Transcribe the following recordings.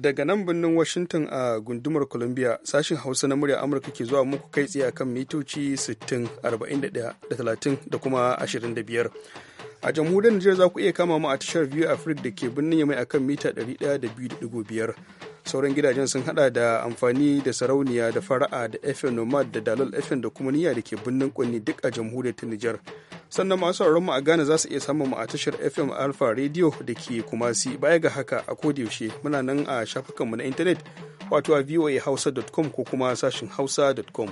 daga nan birnin washington a gundumar columbia sashen hausa na murya amurka ke zuwa muku kai tsaye akan mitoci 60 41 da 30 da kuma 25 a jamhuriyar Nijar za ku iya kama mu a tashar View Africa da ke birnin Yamai kan mita 102.5 sauran gidajen sun hada da amfani da sarauniya da fara'a da FM Nomad da Dalal FM da kuma niyya da ke birnin Kunni duk a jamhuriyar ta Nijar sannan masu sauraron mu a Ghana za su iya samun mu a tashar FM Alpha Radio da ke Kumasi baya ga haka a yaushe muna nan a shafukanmu na intanet wato a voahausa.com ko kuma sashin hausa.com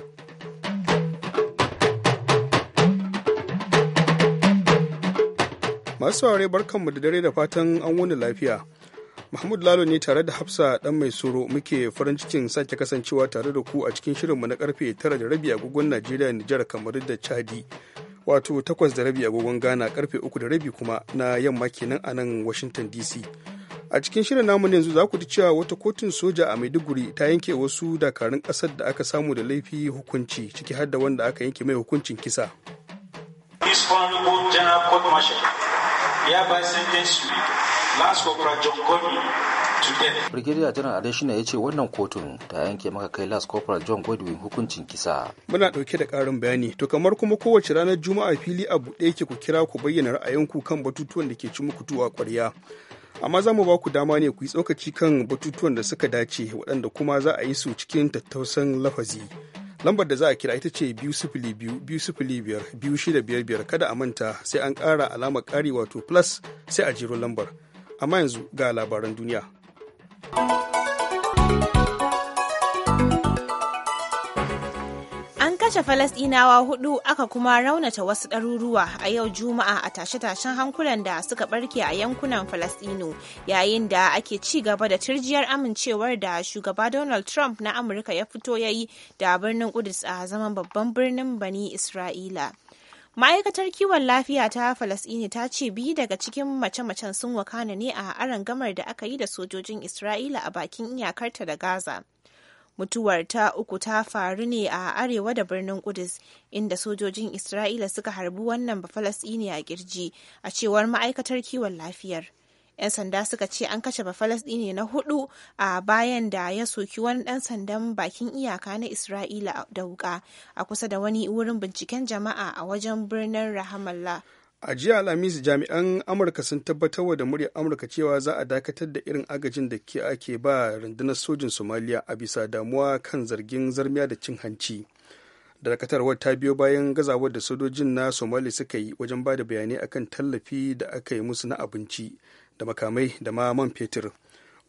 masu saurare barkanmu da dare da fatan an wuni lafiya Mahmud Lalo ne tare da Hafsa dan mai soro muke farin cikin sake kasancewa tare da ku a cikin shirinmu na karfe 9 da rabi agogon Najeriya Nijar kamar da Chadi. Wato 8 da rabi agogon Ghana karfe 3 da rabi kuma na yamma kenan a nan Washington DC. A cikin shirin namu yanzu za ku ji cewa wata kotun soja a Maiduguri ta yanke wasu dakarun kasar da aka samu da laifi hukunci ciki har da wanda aka yanke mai hukuncin kisa. This one Brigadier General Adeshina ya ce wannan kotun ta yanke maka kai Las Corporal John Godwin hukuncin kisa. Muna ɗauke da ƙarin bayani. To kamar kuma kowace ranar Juma'a fili a buɗe yake ku kira ku bayyana ra'ayinku kan batutuwan da ke ci muku tuwa ƙwarya. Amma za mu ba ku dama ne ku yi tsokaci kan batutuwan da suka dace waɗanda kuma za a yi su cikin tattausan lafazi. lambar da za a kira ita ce biyu sifili biyu biyu sifili biyar biyar biyar kada a manta sai an ƙara alamar ƙari wato plus sai a jiro lambar amma yanzu ga labaran duniya kashe Falasɗinawa hudu aka kuma raunata wasu ɗaruruwa a yau Juma'a a tashe-tashen hankulan da suka barke a yankunan Falasɗinu yayin da ake ci gaba da turjiyar amincewar da shugaba Donald Trump na Amurka ya fito ya yi da birnin Kudus a zaman babban birnin Bani Isra'ila. ma'aikatar kiwon lafiya ta falasini ta ce biyu daga cikin mace-macen sun wakana ne a arangamar da aka yi da sojojin isra'ila a bakin iyakarta da gaza Mutuwar ta uku ta faru ne a arewa da birnin Kudus, inda sojojin Isra'ila suka harbi wannan Bafalasɗini a kirji, a cewar ma'aikatar kiwon lafiyar. 'Yan sanda suka ce an kashe Bafalasɗini na hudu a bayan da ya soki wani ɗan sandan bakin iyaka na Isra'ila da wuka a kusa da wani wurin binciken jama'a a wajen birnin Rahamallah. a jiya alhamis jami'an amurka sun tabbatar wa da muryar amurka cewa za a dakatar da irin agajin da ke ake ba rundunar sojin somaliya a bisa damuwa kan zargin zarmiya da cin hanci dakatarwar ta biyo bayan gazawar da sojojin na somaliya suka yi wajen ba da bayanai akan tallafi da aka yi musu na abinci da makamai da ma man fetur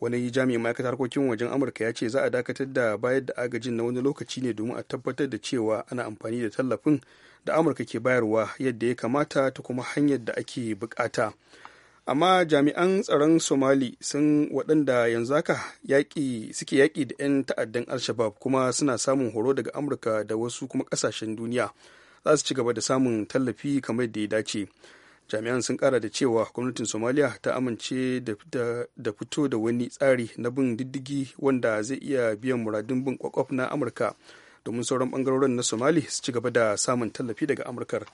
wani jami'in ma'aikatar harkokin wajen amurka ya ce za a dakatar da bayar da agajin na wani lokaci ne domin a tabbatar da cewa ana amfani da tallafin da amurka ke bayarwa yadda ya kamata ta kuma hanyar da ake bukata amma jami'an tsaron somali sun waɗanda yanzu haka suke yaƙi da 'yan ta'addan al kuma suna samun horo daga amurka da wasu kuma ƙasashen duniya za su ci gaba da samun tallafi kamar da ya dace jami'an sun kara da cewa gwamnatin somaliya ta amince da fito da wani tsari na bin diddigi wanda zai iya biyan muradun bin kwakwaf na amurka domin sauran bangarorin na somali su ci gaba da samun tallafi daga amurkar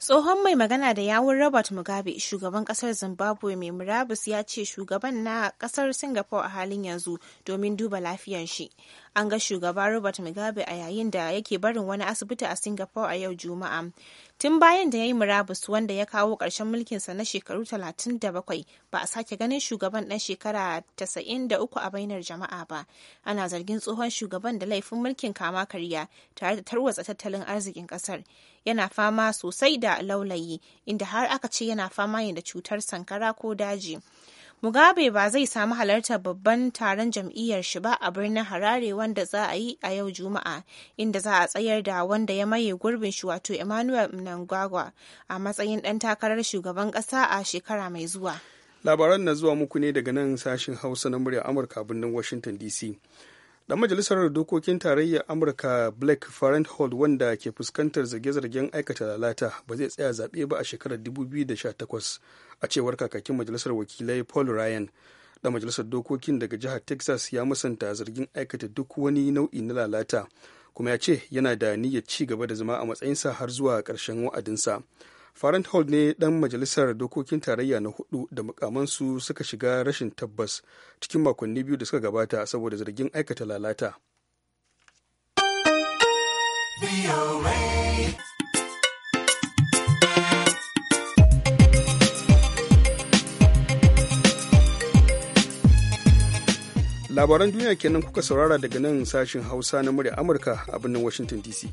tsohon mai magana da yawun robert mugabe shugaban kasar zimbabwe mai murabus ya ce shugaban na kasar singapore a halin yanzu domin duba lafiyar shi An ga shugaba Robert Mugabe a yayin da yake barin wani asibiti a Singapore a yau Juma'a. Tun bayan da ya yi murabus wanda ya kawo ƙarshen mulkinsa na shekaru 37 ba a sake ganin shugaban ɗan shekara 93 a bainar jama'a ba. Ana zargin tsohon shugaban da laifin mulkin kama karya tare da tarwatsa tattalin arzikin ƙasar. Yana fama sosai da laulayi inda har aka ce yana fama yin da cutar sankara ko daji. Mugabe ba zai samu halartar babban taron jam'iyyar shi ba a birnin Harare wanda za a yi a yau Juma'a, inda za a tsayar da wanda ya maye gurbin shi wato Emmanuel Mnangagwa a matsayin ɗan takarar shugaban ƙasa a shekara mai zuwa. Labaran na zuwa muku ne daga nan sashen Hausa na muryar Amurka birnin Washington DC. dan majalisar dokokin tarayyar amurka blake farenthold wanda ke fuskantar zarge-zargen aikata lalata ba zai tsaya zaɓe ba a shekarar 2018 a cewar kakakin majalisar wakilai paul ryan da majalisar dokokin daga jihar texas ya musanta zargin aikata duk wani nau'i na lalata kuma ya ce yana da niyyar ci gaba da zama a matsayinsa har zuwa ƙarshen wa'adinsa farent hall ne dan majalisar dokokin tarayya na hudu da mukamansu suka shiga rashin tabbas cikin makonni biyu da suka gabata saboda zargin aikata lalata. labaran duniya kenan kuka saurara daga nan sashin hausa na murya amurka a birnin washington dc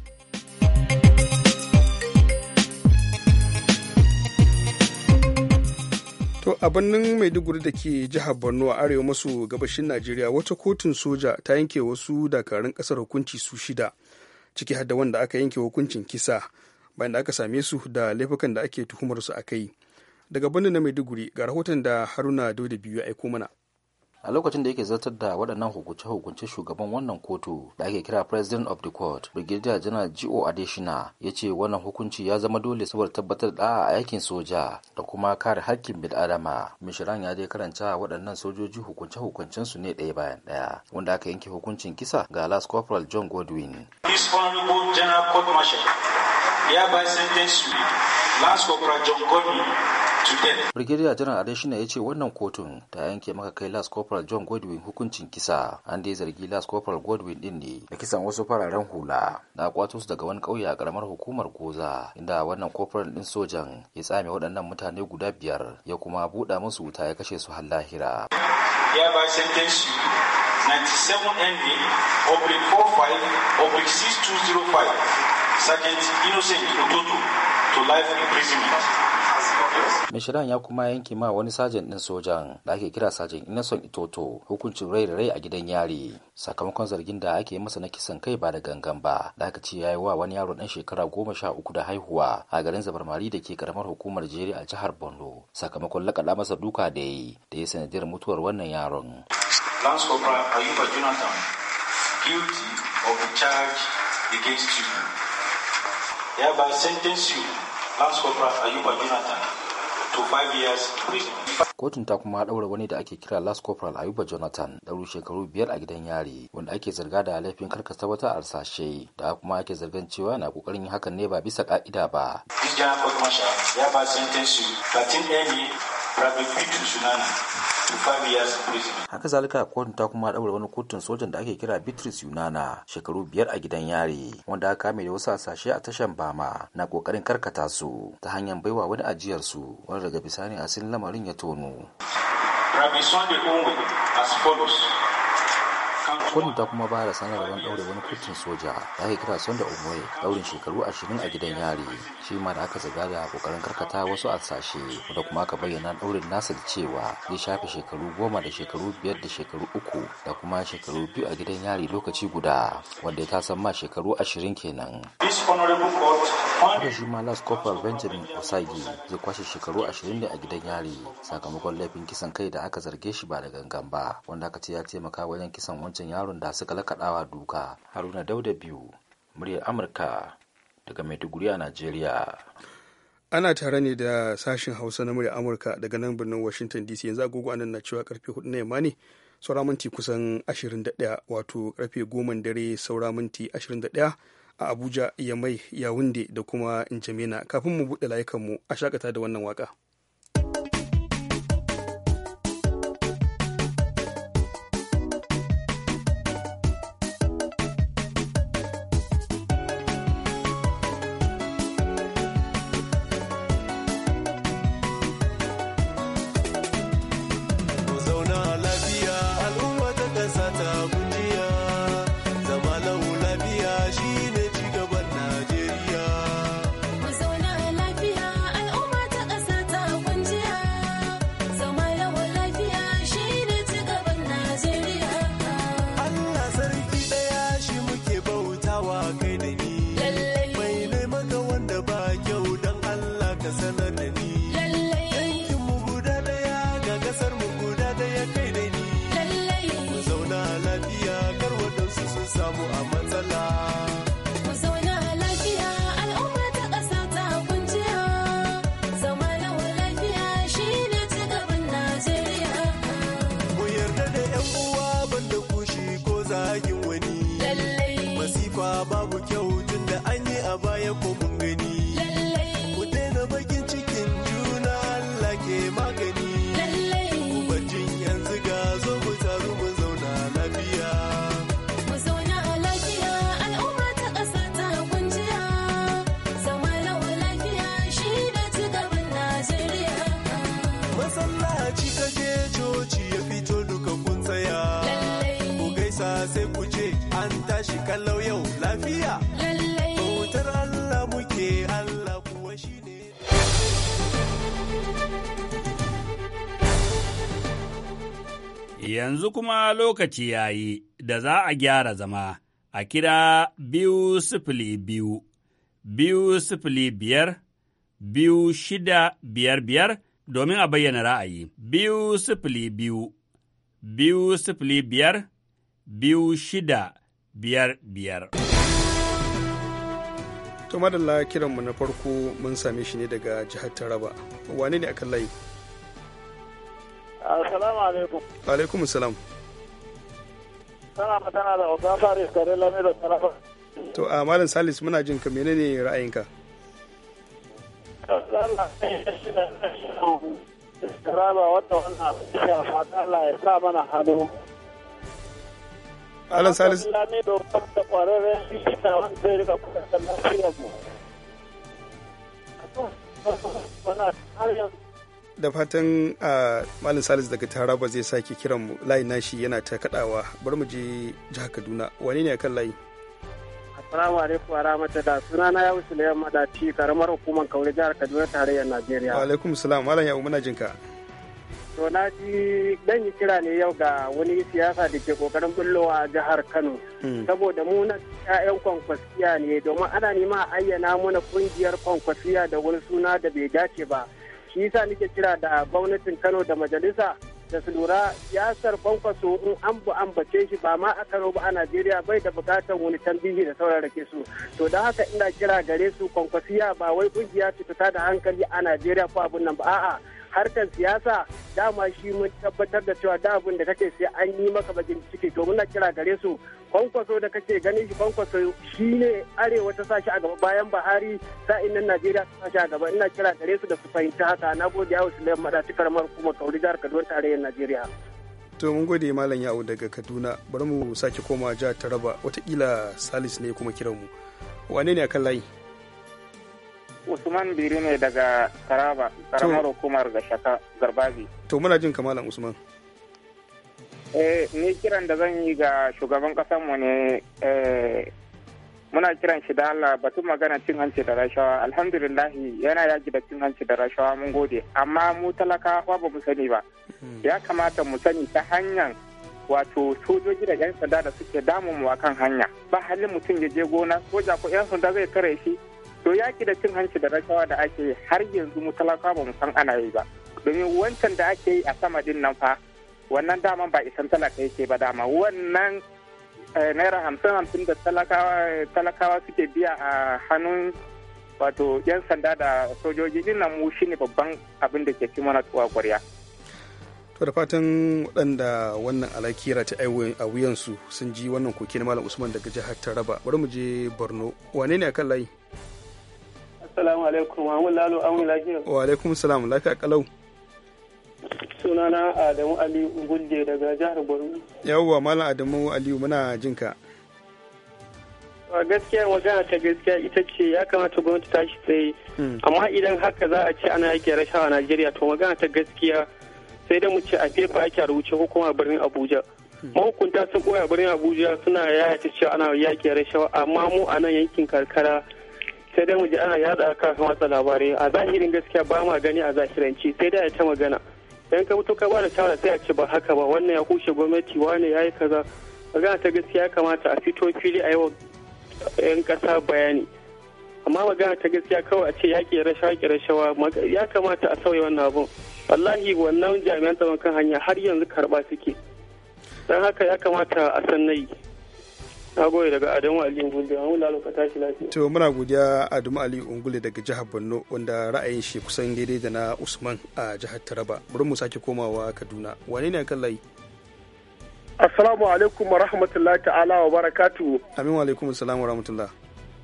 To a birnin Maiduguri da ke jihar Borno a arewa maso gabashin Najeriya wata kotun soja ta yanke wasu dakarun kasar hukunci su shida ciki har da wanda aka yanke hukuncin kisa bayan da aka same su da laifukan da ake tuhumar su a kai. Daga birnin na Maiduguri ga rahoton da Haruna Dauda biyu ya aiko mana. a lokacin da yake zartar da waɗannan hukunce-hukunce shugaban wannan kotu da ake kira president of the court brigadier general G.O. adeshina ya ce wannan hukunci ya zama dole saboda tabbatar da a yakin soja da kuma kare hakkin bil adama mishiran ya dai karanta waɗannan sojoji hukunce-hukuncen ne ɗaya bayan ɗaya wanda aka yanke hukuncin kisa ga las corporal john godwin ya ba general court sentence Corporal John Godwin, Brigadier General Adeshina ya ce wannan kotun ta yanke maka kai Las Corporal John Godwin hukuncin kisa. An ya zargi Las Corporal Godwin din ne da kisan wasu fararen hula. Na kwato su daga wani ƙauye a ƙaramar hukumar Goza inda wannan corporal din sojan ya tsame waɗannan mutane guda biyar ya kuma buɗa musu wuta ya kashe su har lahira. Ya ba sentence 97 NV oblique 45 oblique 6205 Sergeant Innocent Ototo to life imprisonment. Mishiran ya kuma yanke ma wani sajan ɗin sojan da ake kira sajan Innocent Itoto hukuncin rai da rai a gidan yari sakamakon zargin da ake masa na kisan kai ba da gangan ba da aka ce ya yi wa wani yaro ɗan shekara goma sha uku da haihuwa a garin zabarmari da ke karamar hukumar jere a jihar Borno sakamakon lakaɗa masa duka da ya yi da ya sanadiyar mutuwar wannan yaron. Lance Corporal Ayuba Jonathan guilty of charge against you. sentence you last corporal ayuba jonathan to five years prison kotun ta kuma daura wani da ake kira last corporal ayuba jonathan dauru shekaru biyar a gidan yari wanda ake zarga da laifin karkasa wata arsashe da kuma ake zargan cewa na ƙoƙarin kokarin hakan ne ba bisa ƙa'ida ba this general court martial ya ba sentence 13 years private sunana haka zalika kotun ta kuma daura wani kotun sojan da ake kira bitris Yunana shekaru biyar a gidan yari wanda aka kame da wasu hasashe a tashan Bama na kokarin karkata su ta hanyar baiwa wani ajiyar su wani daga bisani asin lamarin ya tono. Rabison de as follows. kudu ta kuma sanar sanarwar ɗaure wani kotun soja da ake kira sonda umoye daurin shekaru ashirin a gidan yari shi ma da aka zaga da kokarin karkata wasu alsashe da kuma aka bayyana daurin nasa da cewa zai shafe shekaru goma da shekaru biyar da shekaru uku da kuma shekaru biyu a gidan yari lokaci guda wanda ya tasan ma shekaru ashirin kenan. Haka shi ma Las Corporal Benjamin Osagi zai kwashe shekaru ashirin ne a gidan yari sakamakon laifin kisan kai da aka zarge shi ba da gangan ba wanda aka ce ya taimaka wajen kisan wancan sun yaron da suka lakaɗawa duka haruna dauda biyu muryar amurka daga maiduguri a najeriya ana tare ne da sashen hausa na muryar amurka daga nan birnin washington dc yanzu agogo anan na cewa karfe hudu na yamma ne saura minti kusan 21 wato karfe 10 dare saura minti 21 a abuja ya mai ya wunde da kuma njamena kafin mu buɗe layukanmu a shakata da wannan waka. masallaci ka je coci ya fito duka kun tsaya ku gaisa sai ku je an tashi kallau yau lafiya bautar Allah muke Allah kuwa shi ne. Yanzu kuma lokaci ya yi da za a gyara zama a kira biyu sifili biyu, biyu sifili biyar, biyu shida biyar biyar domin a bayyana ra'ayi. Biyu sifili biyu, biyu sifili biyar, biyu shida biyar biyar. To madalla kiranmu na farko mun same shi ne daga jihar Taraba. Wane ne akan layi? Assalamu alaikum. Alaikum salam. Sana magana da Oga Faris Kare Lamido Taraba. To a Malam Salis muna jin ka menene ra'ayinka? ra'ayinka? Salisu. Da fatan ah, Malam salis daga Taraba zai sake kiran mu layi nashi yana ta kadawa bari mu je jihar Kaduna wani ne akan layi? Salamu alaikum wa rahmatullah. Sunana ya wuce da yamma karamar hukumar Kaure jihar Kaduna tarayyar Najeriya. Wa alaikum salam. Malam ya umuna jinka. To na ji dan yi kira ne yau ga wani siyasa da ke kokarin bullowa a jihar Kano. Hmm. Saboda mu na ƴaƴan kwankwasiya ne domin ana nima a ayyana mana kungiyar kwankwasiya da wani suna da bai dace ba. Shi yasa nake kira da gwamnatin Kano da majalisa da su lura ya sarfan kwankwaso in an bu ambace shi ba ma a karo ba a najeriya bai da bukatar wani tambihi da sauran rake su to don haka ina kira gare su kwankwasiya ba wai kungiya ce ta da hankali a najeriya ko abun nan ba a'a harkar siyasa dama shi mun tabbatar da cewa da abin da kake sai an yi maka bakin ciki to muna kira gare su kwankwaso da kake ganin shi kwankwaso shi ne arewa ta sashi a gaba bayan buhari sa'in nan najeriya ta sashi a gaba ina kira gare su da su fahimci haka na gode yawo sulaiman mada cikar kuma kauri jihar kaduna tarayyar najeriya to mun gode malam yawo daga kaduna bari mu sake koma jihar taraba watakila salis ne kuma kiran mu wane ne a kan layi Usman Biri ne daga Taraba, karamar hukumar Shaka Garbazi. To muna jin kamalan Usman. Eh, ni kiran da zan yi ga shugaban kasanmu ne eh, muna kiran shi da Allah batun magana cin hanci da rashawa alhamdulillahi yana yaki da cin hanci da rashawa mun gode amma mu talakawa ba mu sani ba hmm. ya kamata mu sani ta hanyar wato sojoji da yan sanda da suke damun mu akan hanya ba halin mutum ya je gona soja ko yan sanda zai kare shi to yaki da cin hanci da rashawa da ake har yanzu mu talakawa ba mu san ana yi ba domin wancan da ake yi a sama din nan fa wannan daman ba isan talaka yake ba dama wannan eh, naira hamsin hamsin da talakawa suke biya a hannun wato yan sanda da sojoji din nan mu shine babban abin da ke ci mana tuwa kwarya to da fatan waɗanda wannan alakira ta a wuyansu sun ji wannan koke na malam usman daga jihar taraba bari mu je borno wane ne a kan layi Assalamu alaikum, Muhammad Lalo, an lafiya. Wa alaikum salam, lafiya kalau. Sunana Adamu Aliyu Gulje daga jihar Borno. Yawwa Malam Adamu Aliyu muna jin ka. A gaskiya magana ta gaskiya ita ce ya kamata gwamnati ta shi tsaye. Hmm. Amma idan haka za a ce ana yake rashawa Najeriya to magana ta gaskiya sai da mu ce a fefa ake a rubuce ko kuma birnin Abuja. Hmm. mahukunta sun koya birnin abuja suna yaya ta cewa ana yaƙi rashawa amma mu a nan yankin karkara sai dai mu ji ana yada kafin watsa labarai a zahirin gaskiya ba ma gani a zahiranci sai dai a ta magana idan ka mutu ka ba da shawara sai a ce ba haka ba wannan ya kushe gwamnati wane ya yi kaza magana ta gaskiya kamata a fito fili a yi 'yan kasa bayani amma magana ta gaskiya kawai a ce yaƙi rashawa yaƙi rashawa ya kamata a sauya wannan abun wallahi wannan jami'an tsaron kan hanya har yanzu karɓa suke don haka ya kamata a san nayi. Na goyi daga Adamu Ali Ungule, an wula ka tashi lafiya. To muna godiya Adamu Ali Ungule daga jihar Borno wanda ra'ayin shi kusan daidai da na Usman a jihar Taraba. Bari mu sake komawa Kaduna. Wane ne kan layi? Assalamu alaikum wa rahmatullahi ta'ala wa barakatu. Amin wa alaikum salam wa rahmatullah.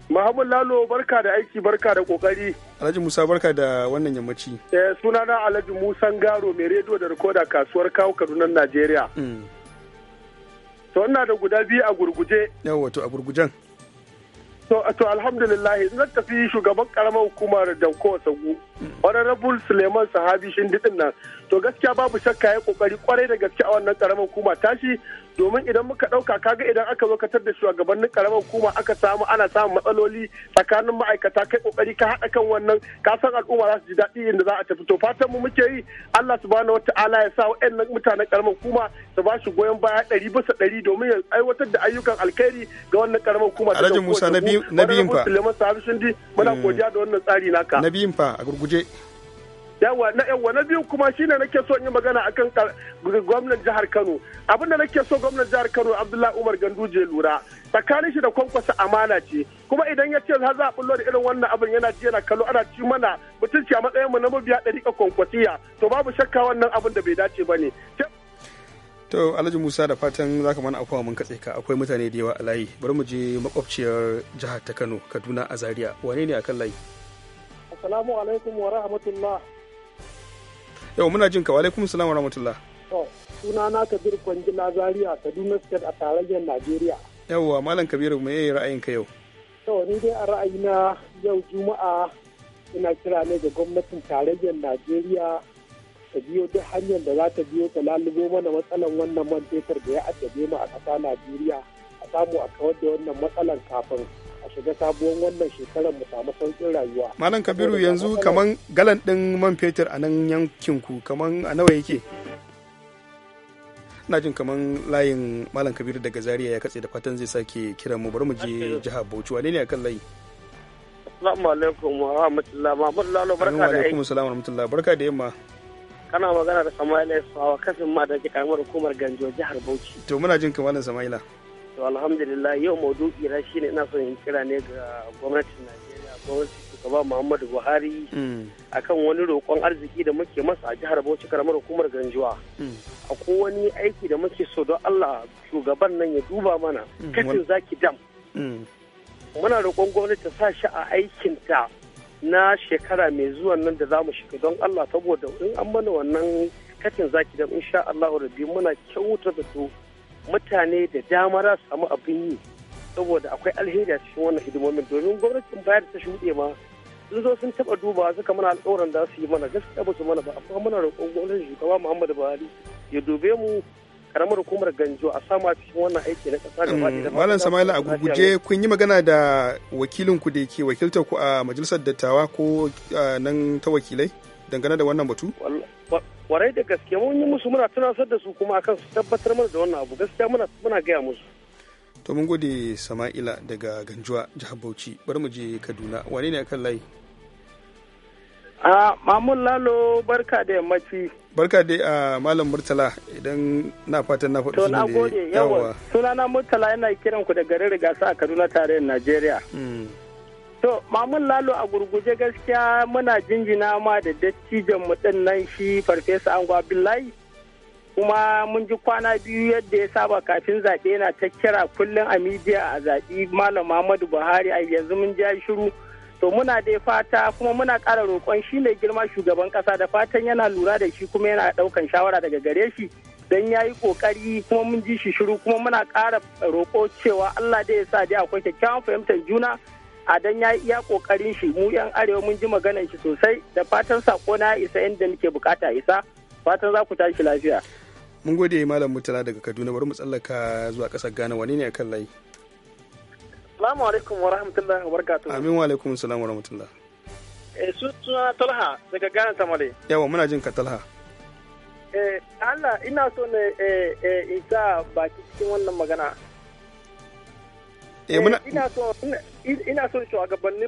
Muhammad Lalo barka da aiki barka da kokari. Alhaji Musa barka da wannan yammaci. Eh sunana Alhaji Musa Garo mai rediyo da rikoda kasuwar kawo Kaduna Najeriya. Mm. to ina da guda biyu a gurguje yawa to a gurgujen to to alhamdulillah ina zan tafi shugaban karamar hukumar danko sagu honorable suleiman sahabi shindidin nan to gaskiya babu shakka ya kokari kwarai da gaske a wannan karamar hukuma tashi domin idan muka dauka kaga idan aka lokatar da shugabannin karamar hukuma aka samu ana samun matsaloli tsakanin ma'aikata kai kokari ka haɗa kan wannan ka san al'umma za su ji daɗi inda za a tafi to fatan mu muke yi Allah subhanahu wata'ala ya sa wa'annan mutanen karamar hukuma su ba shi goyon baya ɗari bisa ɗari domin ya aiwatar da ayyukan alkhairi ga wannan karamar hukuma. Alhaji Musa na biyun fa. muna eh. godiya da wannan tsari naka. Na biyun fa a gurguje. yawa na yawa na biyu kuma shine nake so in yi magana akan gwamnan jihar Kano abinda nake so gwamnan jihar Kano Abdullahi Umar Ganduje lura tsakanin shi da kwankwasa amana ce kuma idan ya ce za a bullo da irin wannan abin yana ji yana kallo ana ci mana mutunci a matsayin mu na mabiya ka kwankwasiya to babu shakka wannan abin da bai dace ba ne. To Alhaji Musa da fatan za mana afuwa mun katse ka akwai mutane da yawa a layi bari mu je makwabciyar jihar ta Kano Kaduna a Zaria wane ne akan layi? Assalamu alaikum wa rahmatullah. yau muna jin ka wa alaikum wa rahmatullah suna na kabir kwangila zaria kaduna state a tarayyar najeriya yawwa malam kabiru mai yayi ka yau yau ni dai a ra'ayina yau juma'a ina kira ne ga gwamnatin tarayyar najeriya ta biyo duk hanyar da za ta biyo ta lalubo mana matsalan wannan man fetur da ya addabe mu a ƙasa najeriya a samu a kawar da wannan matsalan kafin shiga sabuwar wannan shekarar mu samu sauƙin rayuwa malam kabiru yanzu kaman galan ɗin man fetur a nan yankin ku kaman a nawa yake ina jin kaman layin malam kabiru daga zaria ya katse da fatan zai sake kiran mu bari mu je jihar bauchi wane ne akan layi assalamu alaikum wa rahmatullahi mahmud lalo barka da aiki assalamu wa barka da yamma kana magana da Sama'ila Sawa kafin ma da ke karamar hukumar Ganjo jihar Bauchi. To muna jin kamalan Sama'ila. to alhamdulillah yau maudu'i na shine ina son in kira ne ga gwamnatin Najeriya gwamnatin shugaba Muhammadu Buhari mm. akan wani roƙon arziki da muke masa a jihar Bauchi karamar hukumar Ganjuwa mm. ko wani aiki da muke so don Allah shugaban nan ya duba mana mm, kacin zaki dam muna roƙon gwamnati ta sa shi a aikinta na shekara mai zuwa nan da zamu shiga don Allah saboda in an mana wannan katin zaki dam insha Allah rabbi muna kyauta da to mutane da dama za su samu abin yi saboda akwai alheri a cikin wannan hidimomin domin gwamnatin bayar ta shuɗe ma sun zo sun taɓa duba su mana alƙawarin da su yi mana gaskiya ba su mana ba amma muna roƙon gwamnatin shugaba Muhammadu Buhari ya dube mu karamar hukumar ganjo a sama cikin wannan aiki na kasa gaba ɗaya. Mm, Malam Samaila a gurguje kun yi magana da wakilin ku da ke wakiltar ku a majalisar dattawa ko eh, nan ta wakilai dangane da wannan batu? kwarai da gaske mun yi musu muna tunasar da su kuma akan su tabbatar mana da wannan abu gaskiya muna muna gaya musu to mun gode sama'ila daga ganjuwa jihar bauchi bari mu je kaduna wane ne akan layi a mamun lalo barka da yammaci barka da a malam murtala idan na fatan na faɗi sunan da yawa sunana murtala yana kiran ku daga garin rigasa a kaduna tarayyar najeriya hmm. To, Mamun Lalo a gurguje gaskiya muna jinjina ma da dattijan mu din nan shi Farfesa Ango billahi Kuma mun ji kwana biyu yadda ya saba kafin zaɓe yana ta kira kullum a midiya a zaɓi Malam Muhammadu Buhari a yanzu mun ja shiru. To muna dai fata kuma muna ƙara roƙon shi ne girma shugaban ƙasa da fatan yana lura da shi kuma yana ɗaukan shawara daga gare shi. don ya yi ƙoƙari kuma mun ji shi shiru kuma muna ƙara roƙo cewa Allah dai ya sa dai akwai kyakkyawan fahimtar juna Adan ya iya kokarin shi mu yan arewa mun ji maganan shi sosai da fatan sako na isa inda muke bukata isa fatan za ku tashi lafiya. Mun gode malam mutala daga Kaduna bari mu tsallaka zuwa kasar Ghana wani ne akan layi. salamu alaikum wa rahmatullahi wa barakatuh. Amin wa alaikum salam wa rahmatullah. Eh suna Talha daga Ghana Tamale. Yawa muna jin ka Talha. Eh Allah ina so ne eh eh isa baki cikin wannan magana. Eh muna eh, ina so ina son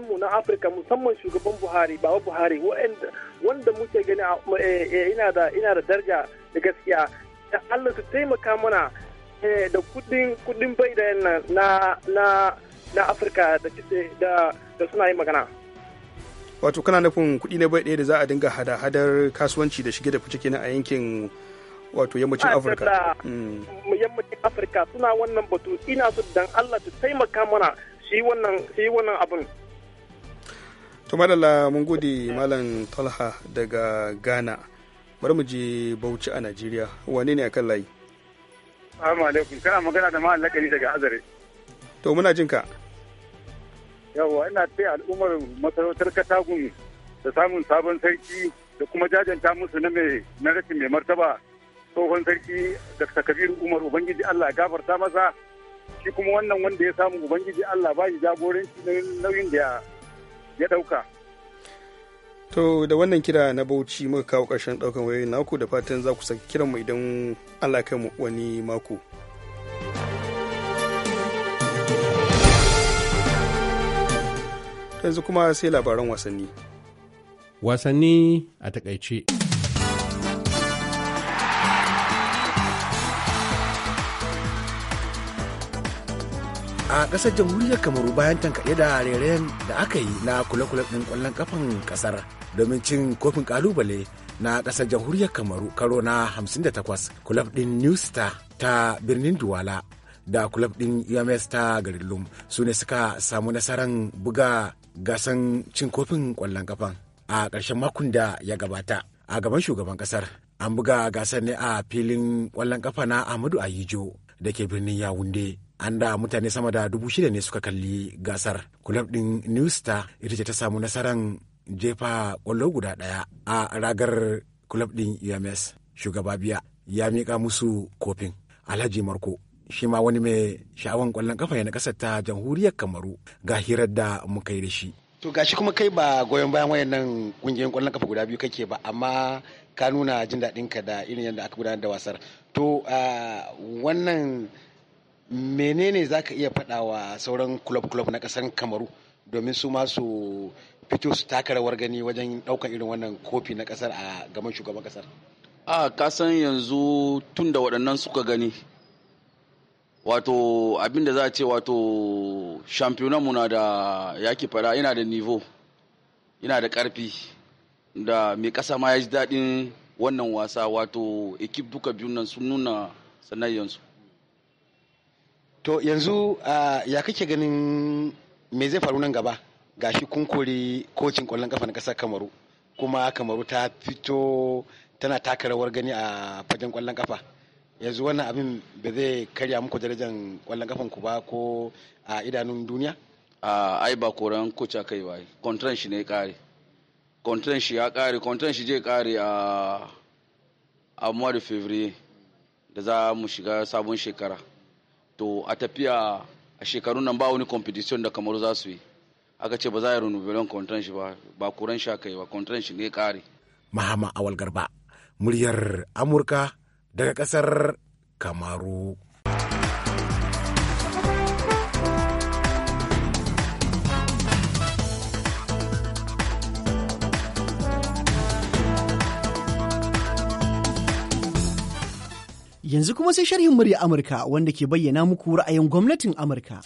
mu na afirka musamman shugaban buhari baba buhari wanda muke gani eh, eh, ina da ina da darja da gaskiya da allah su taimaka mana eh, da kudin kudin bai da na na na afirka da da da suna yi magana wato kana nufin kudi na bai ɗaya da za a dinga hada-hadar kasuwanci da shige da fice kenan a yankin wato yammacin afirka mm. yammacin afirka suna wannan batu ina su dan allah su taimaka mana shi wannan shi wannan abin to madalla mun gode malam talha daga ghana bari mu je bauchi a najeriya wane ne akan layi assalamu alaikum kana magana da malam lakari daga azare to muna jin ka yawa ina ce al'ummar masarautar katagun da samun sabon sarki da kuma jajanta musu na mai na rashin mai martaba tsohon sarki da kabiru umar ubangiji allah gafarta masa shi kuma wannan wanda ya samu ubangiji Allah ba shi jagoranci nauyin da ya dauka to da wannan kira na bauchi muka kawo ƙarshen ɗaukar wayoyin naku da fatan za ku saki kiran mu idan Allah kai mu wani mako yanzu kuma sai labaran wasanni wasanni a takaice a ƙasar jamhuriyar kamaru bayan tankaɗe da rairayen da aka yi na kule-kule ɗin ƙwallon kafan ƙasar domin cin kofin ƙalubale na ƙasar jamhuriyar kamaru karo na 58 kulab ɗin new star ta birnin duwala da kulab ɗin ums ta garin lum su ne suka samu nasarar buga gasan cin kofin ƙwallon ƙafan a ƙarshen makon da ya gabata a gaban shugaban ƙasar an buga gasar ne a filin ƙwallon ƙafa na ahmadu ayijo da ke birnin yawunde an da mutane sama da dubu shida ne suka kalli gasar kulab din new star ita ce ta samu nasarar jefa kwallo guda daya a ragar kulab ɗin ums shugaba biya ya miƙa musu kofin alhaji marko shi ma wani mai sha'awan ƙwallon kafa ya na ƙasar ta jamhuriyar kamaru ga hirar da muka yi da shi to gashi kuma kai ba goyon bayan wayannan kungiyoyin ƙwallon kafa guda biyu kake ba amma ka nuna jin daɗinka da irin yadda aka gudanar da wasar to ah, wannan menene za ka iya faɗa wa sauran kulob-kulob na ƙasar kamaru domin su masu fito su taka rawar gani wajen ɗaukar irin wannan kofi na ƙasar a gaban shugaban ƙasar a kasan yanzu tun da waɗannan suka gani wato abin da za a ce wato shampiyonanmu muna da yaki faɗa yana da nivo yana da ƙarfi da mai ƙasa ma ya ji daɗin wannan wasa wato ekip duka biyun nan sun nuna sanayyansu To yanzu ya kake ganin me zai faru nan gaba gashi kun kori kocin kwallon kafa na kasar Kamaru kuma Kamaru ta fito tana taka rawar gani a fagen kwallon kafa. Yanzu wannan abin ba zai karya muku darajar kwallon kafan ku ba ko a idanun duniya? Uh, ai ba koran koci aka yi ba kontran shi ne kare kontran shi ya kare kontran shi je kare a uh, a da da za mu shiga sabon shekara to a tafiya a shekarun nan ba wani competition da kamaru za su yi aka ce ba za a yi renovation contract ba ba kuran shi kai ba contract ne kare mahama awal garba muryar amurka daga kasar kamaru Yanzu kuma sai sharhin murya Amurka wanda ke bayyana muku ra'ayin gwamnatin Amurka.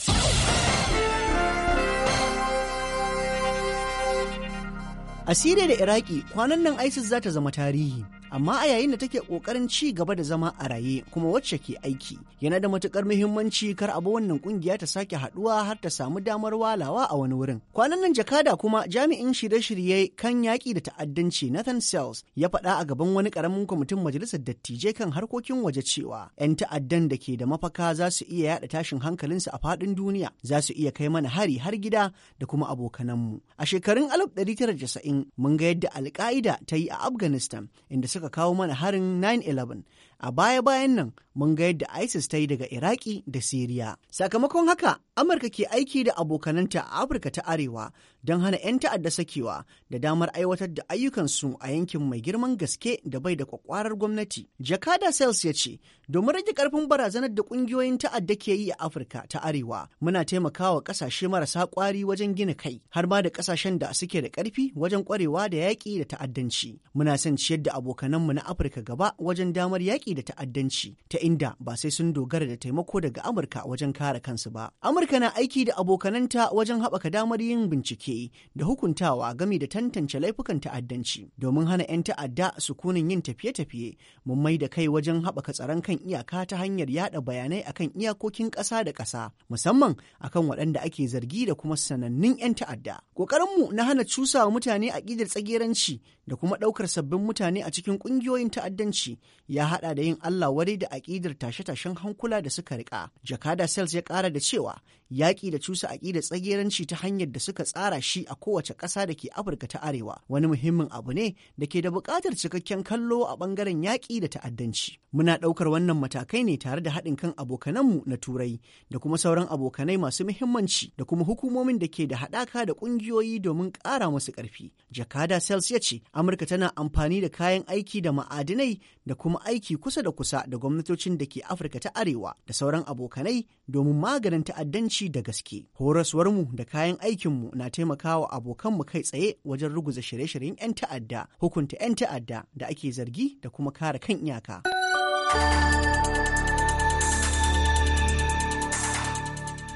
A Siriya da Iraki kwanan nan ISIS za ta zama tarihi. amma a yayin da take kokarin ci gaba da zama a raye kuma wacce ke aiki yana da matukar muhimmanci kar abu wannan kungiya ta sake haduwa har ta samu damar walawa a wani wurin kwanan nan jakada kuma jami'in shirye-shirye kan yaƙi da ta'addanci Nathan Sells ya faɗa a gaban wani karamin kwamitin majalisar dattijai kan harkokin waje cewa 'yan ta'addan da ke da mafaka za su iya yada tashin hankalinsu a faɗin duniya za su iya kai mana hari har gida da kuma abokananmu a shekarun 1990 mun ga yadda alka'ida ta yi a Afghanistan inda suka aka kawo mana harin 9-11 a baya-bayan nan mun ga yadda isis ta yi daga iraki da siriya sakamakon haka Amurka ke aiki da abokananta a Afirka ta Arewa don hana 'yan ta'adda sakewa da damar aiwatar da ayyukansu a yankin mai girman gaske da bai da kwakwarar gwamnati. Jakada Sales ya ce, domin rage karfin barazanar da kungiyoyin ta'adda ke yi a Afirka ta Arewa, muna taimakawa kasashe marasa kwari wajen gina kai, har ma da kasashen da suke da karfi wajen kwarewa da yaƙi da ta'addanci. Muna son ciyar da abokananmu na Afirka gaba wajen damar yaƙi da ta'addanci, ta inda ba sai sun dogara da taimako daga Amurka wajen kare kansu ba. Amurka Amurka na aiki da abokananta wajen haɓaka damar yin bincike da hukuntawa gami da tantance laifukan ta'addanci domin hana 'yan ta'adda su sukunin yin tafiye-tafiye mun mai da kai wajen haɓaka tsaron kan iyaka ta hanyar yada bayanai akan iyakokin ƙasa da ƙasa musamman akan waɗanda ake zargi da kuma sanannun 'yan ta'adda. Ƙoƙarinmu na hana cusawa mutane aƙidar tsageranci da kuma ɗaukar sabbin mutane a cikin ƙungiyoyin ta'addanci ya haɗa da yin Allah wari da aƙidar tashe-tashen hankula da suka riƙa. Jakada Sales ya ƙara da cewa yaƙi da cusa a aƙidar tsageranci ta hanyar da suka tsara shi a kowace ƙasa da ke Afirka ta Arewa wani muhimmin abu ne da ke da buƙatar cikakken kallo a ɓangaren yaƙi da ta'addanci. Muna ɗaukar wannan matakai ne tare da haɗin kan abokananmu na Turai da kuma sauran abokanai masu muhimmanci da kuma hukumomin da ke da haɗaka da ƙungiyoyi domin ƙara masu ƙarfi. Jakada Sales ya ce Amurka tana amfani da kayan aiki da ma'adinai da kuma aiki kusa da kusa da gwamnatocin da ke Afirka ta Arewa da sauran abokanai domin maganin ta'addanci shi da gaske. Horaswarmu da kayan aikinmu na taimakawa abokanmu kai tsaye wajen ruguza shirye-shiryen 'yan ta'adda, hukunta 'yan ta'adda da ake zargi da kuma kare kan iyaka.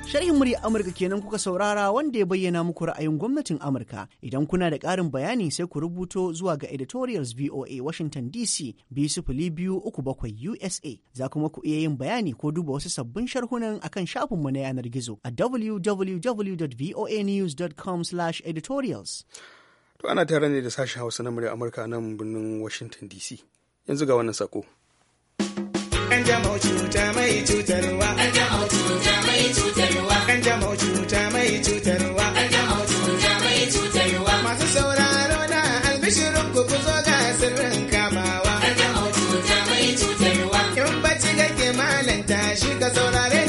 Sharhin murya Amurka kenan kuka saurara wanda ya bayyana muku ra'ayin gwamnatin Amurka. Idan kuna da ƙarin bayani sai ku rubuto zuwa ga editorials VOA Washington DC bakwai USA. Za kuma ku iya yin bayani ko duba wasu sabbin sharhunan akan shafinmu na yanar gizo a www.voanews.com/editorials. To ana tare ne da sashen Hausa na murya Amurka nan birnin Washington DC. Yanzu ga wannan sako. An cuta mai cutarwa. An cuta mai cutarwa. Kanjamau cuta mai cutarwa. Kanjamau cuta mai cutarwa. Masu sauraro na albishirin ku ku zo ga sirrin kamawa. Kanjamau cuta mai cutarwa. In ba ci gake malanta shi ka saurare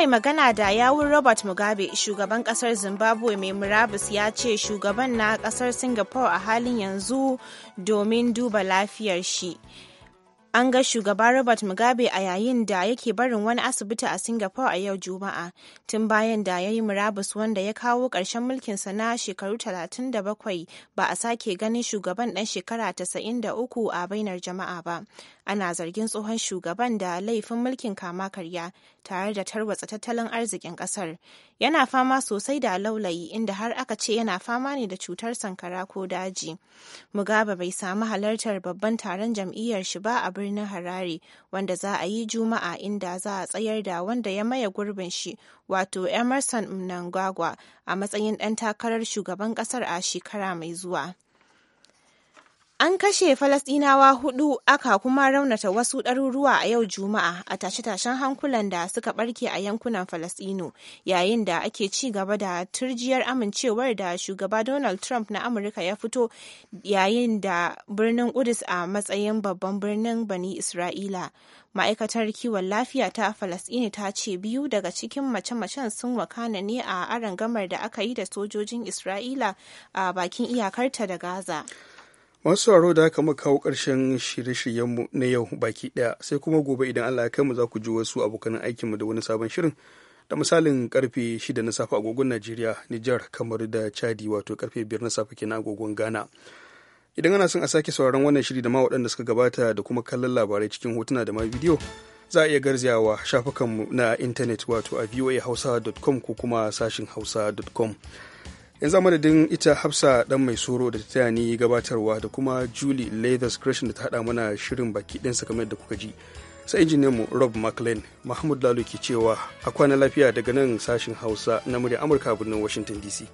mai magana da yawun Robert Mugabe shugaban kasar Zimbabwe mai murabus ya ce shugaban na kasar Singapore a halin yanzu domin duba lafiyar shi. An ga shugaba Robert Mugabe a yayin da yake barin wani asibiti a Singapore a yau Juma'a, tun bayan da ya yi murabus wanda ya kawo ƙarshen mulkinsa na shekaru 37 ba a sake ganin shugaban ɗan shekara 93 a bainar jama'a ba. ana zargin tsohon shugaban da laifin mulkin kama karya tare da tarwatsa tattalin arzikin kasar yana fama sosai da laulayi inda har aka ce yana fama ne da cutar sankara ko daji mugabe bai samu halartar babban taron jam'iyyar shi ba a birnin harare wanda za a yi juma'a inda za a tsayar da wanda ya maye gurbin shi wato emerson mnangagwa a matsayin ɗan takarar shugaban ƙasar a shekara mai zuwa An kashe Falasɗinawa hudu aka kuma raunata wasu ɗaruruwa a yau Juma'a a tashe-tashen hankulan da suka barke a yankunan Falasɗinu yayin da ake ci gaba da turjiyar amincewar da shugaba Donald Trump na Amurka ya fito yayin da birnin Ƙudus a matsayin babban birnin Bani Isra'ila. Ma'aikatar kiwon lafiya ta Falasɗini ta ce biyu daga cikin mace-macen sun wakana ne a arangamar da aka yi da sojojin Isra'ila a bakin iyakarta da Gaza. masu sauraro da haka muka kawo ƙarshen shirye-shiryenmu na yau baki ɗaya sai kuma gobe idan Allah ya mu za ku ji wasu abokan aikinmu da wani sabon shirin da misalin karfe 6 na safe agogon Najeriya, Nijar, kamar da Chadi wato karfe 5 na safe kenan agogon Ghana. Idan ana son a sake sauraron wannan shiri da ma waɗanda suka gabata da kuma kallon labarai cikin hotuna da ma bidiyo za a iya garzayawa shafukanmu na intanet wato a voahausa.com ko kuma sashin hausa.com. yanzu a madadin ita hafsa dan mai soro da ta ni gabatarwa da kuma julie leathers creation da ta hada mana shirin baki ɗinsa kamar da kuka ji sai injiniyan mu rob mclean mahmud lalu ke cewa a kwana lafiya daga nan sashen hausa na murya amurka birnin washington dc